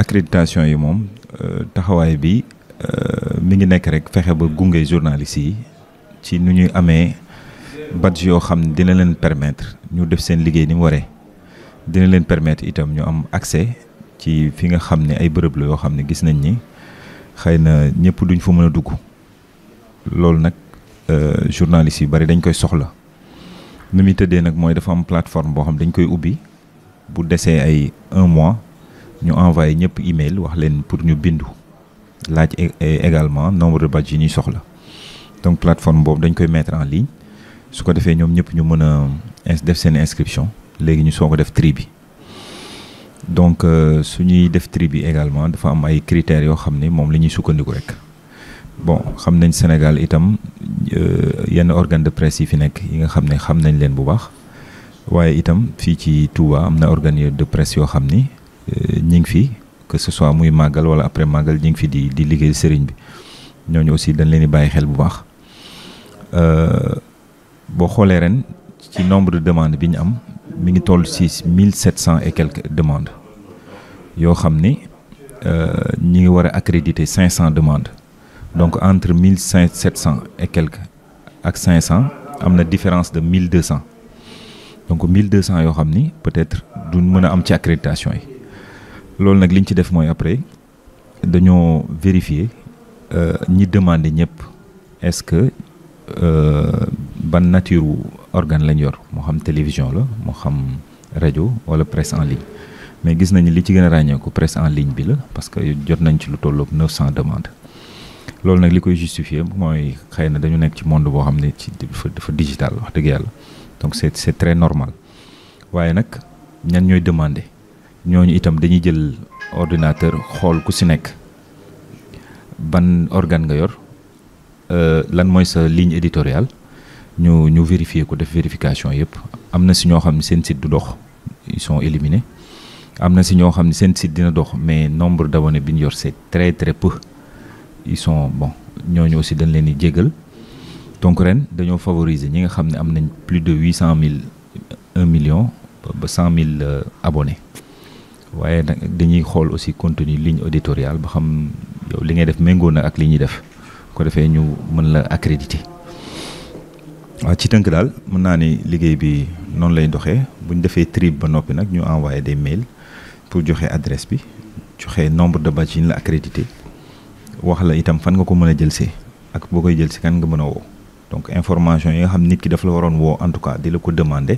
accréditation yi moom euh, taxawaay bi euh, mi ngi nekk rek fexe ba gunge journalistes yi ci nu ñuy amee badge yoo xam ne dina leen permettre ñu def seen liggéey ni mu waree dina leen permettre itam ñu am accès ci fi nga xam ne ay bërëb la yoo xam ne gis nañ ni xëy na ñëpp duñ fa mën a dugg loolu nag euh, journalistes yu bari dañ koy soxla nu muy tëddee nag mooy dafa am plateforme boo xam dañ koy ubbi bu desee ay un mois ñu envoyé ñëpp email wax leen pour ñu bindu laaj e-, e-, également nombre de badge yi ñuy soxla donc plateforme boobu dañ koy mettre en ligne su ko defee ñoom ñëpp ñu mën a def seen inscription léegi ñu soo ko def tri bi donc euh, su ñuy def tri bi également dafa am ay critères yoo xam ne moom la ñuy sukkandiku rek. bon xam nañ Sénégal itam euh, yenn organe de presse yi fi nekk yi nga xam ne xam nañ leen bu baax waaye itam fii ci Touba am na organe de presse yoo xam ni euh, ñi ngi fi que ce soit muy màggal wala après màggal ñi ngi fi di di liggéey sëriñ bi ñooñu aussi dañ leen di bàyyi xel bu baax euh, boo xoolee ren ci nombre de demandes bi ñu am mi ngi toll ci mille sept cent et quelques demandes yoo xam ni ñi ngi war a cinq cent demandes. donc entre mille cinq sept cent et quelques ak cinq cent am na différence de mille deux cent donc mille deux cent yoo xam ni peut-être duñ mën a am ci accréditation yi loolu nag liñ ci def mooy après dañoo vérifier euh, ñi demandé ñëpp est-ce que euh, ban nature organe lañ yor moo xam télévision la moo xam rajo wala presse en ligne mais gis nañu li ci gën a ràññeeku presse en ligne bi la parce que jot nañ ci lu tolloog neuf cent demande loolu nag li koy justifier mooy xëy na dañu nekk ci monde boo xam ne ci dafa digital wax dëgg yàlla donc c'est c'est très normal waaye nag ñan ñooy demander ñooñu itam dañuy jël ordinateur xool ku si nekk ban organ nga yor euh, lan mooy sa ligne éditoriale ñu ñu vérifier ko def vérification yëpp am na si ñoo xam ne seen site du dox ils sont am na si ñoo xam ne seen site dina dox mais nombre d'abonnés bi ñu yor c'est très très peu il sont bon ñooñu aussi dañ leen di jégal donc ren dañoo favoriser ñi nga xam ne am nañ plus de huit cent mille un million ba cent mille euh, abonnés waaye nag dañuy xool aussi contenu ligne éditoriale ba xam yow li ngay def méngoo na ak li ñuy def ko defee ñu mën la accrédité waa ci tënk daal mën naa ni liggéey bi noonu lay doxee bu ñu defee trip ba noppi nag ñu envoyé des mails pour joxe adresse bi joxe nombre de badge yi ñu la accrédité wax la itam fan nga ko mën a jël si ak boo koy jël si kan nga mën a woo donc information yi nga xam nit ki daf la waroon woo en tout cas di la ko demander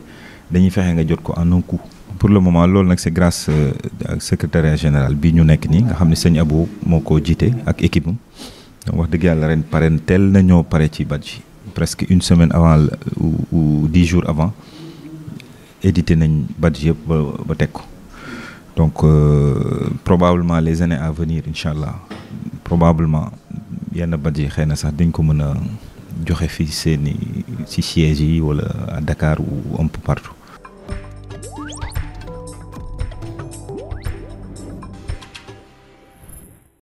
dañuy fexe nga jot ko en un coup. pour le moment loolu nag c'est grâce euh, ak secrétariat général bi ñu nekk nii nga xam ne sëñ Abou moo ko jiite ak équipe am wax dëgg yàlla ren pare teel na ñoo pare ci Badji presque une semaine avant euh, ou dix jours avant édité nañ Badji yëpp ba ba teg ko donc euh, probablement les années à venir incha allah probablement yenn bat yi xëy na sax dañ ko mën a joxe fi seeni ci siège yi wala à Dakar ou un peu partout